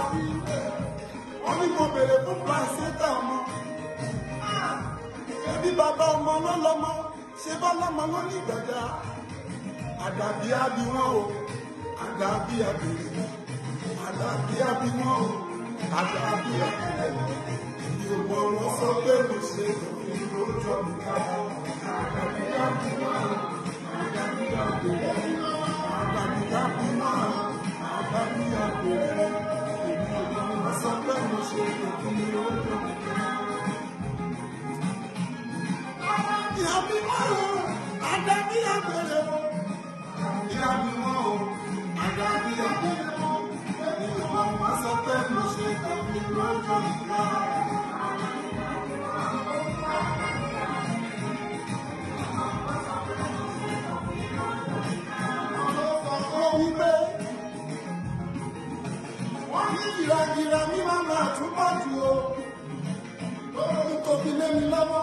àbí orí mo bèrè fún placenta ọmọ ẹbí bàbá ọmọ ló lọmọ ṣe bá lọmọ ló ní gbàgbà àdàbí àbí wọn o àdàbí àbèrè àdàbí àbí wọn o àdàbí àbèrè ìyòwò wọn sọ pé mo ṣe ìròjọ mi ká bọ. mímọ́ o àdàbí àgbèrè o ìyá mímọ́ o àdàbí àgbèrè o ẹni tó bá wá sọ pé mo ṣe tẹ̀lé lọ́jọ́ ìgbà. wípé wọ́n ní ìragìra mímọ́ máa tún bá jù o. Ó ń tóbi lé mi lọ́wọ́.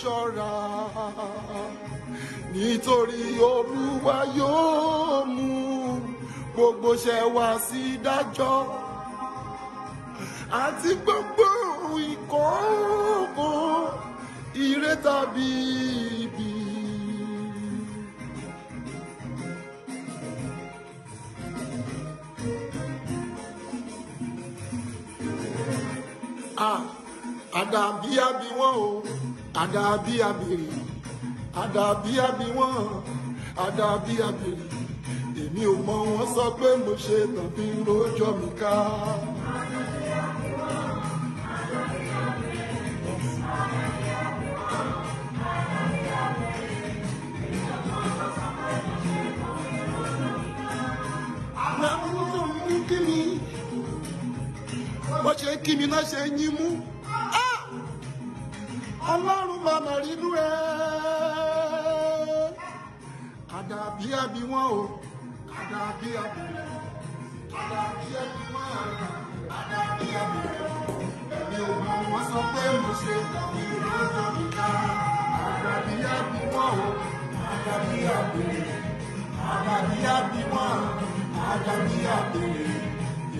ṣọ́ra nítorí olúwa yóò mú gbogbo ṣẹ̀ wá sí dájọ́ àti gbogbo ìkọ̀ọ̀kan ire tàbí ibi. Ah àdàbí àbí wọn o àdàbí àbèrè àdàbí àbí wọn àdàbí àbèrè èmi ò mọ wọn sọ pé mo ṣe tàn fi ń rojọ́ mi ká. bó ṣe kí mi náà ṣe yín mú ọlọ́run màmá rínú ẹ àdàbí àbí wọn o àdàbí àbí àdàbí àbí wọn o àdàbí àbí ẹ̀mí ò mọ̀ wọ́n sọ pé mo ṣe tàbí lọ́jọ́ mi ká àdàbí àbí wọn o àdàbí àbí àdàbí àbí wọn o àdàbí àbí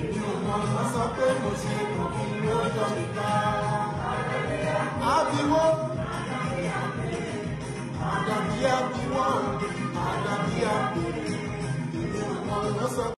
ẹ̀mí ò mọ̀ sọ pé mo ṣe tàbí lọ́jọ́ mi I I be be abiwo adabi abiwo adabi abiwo.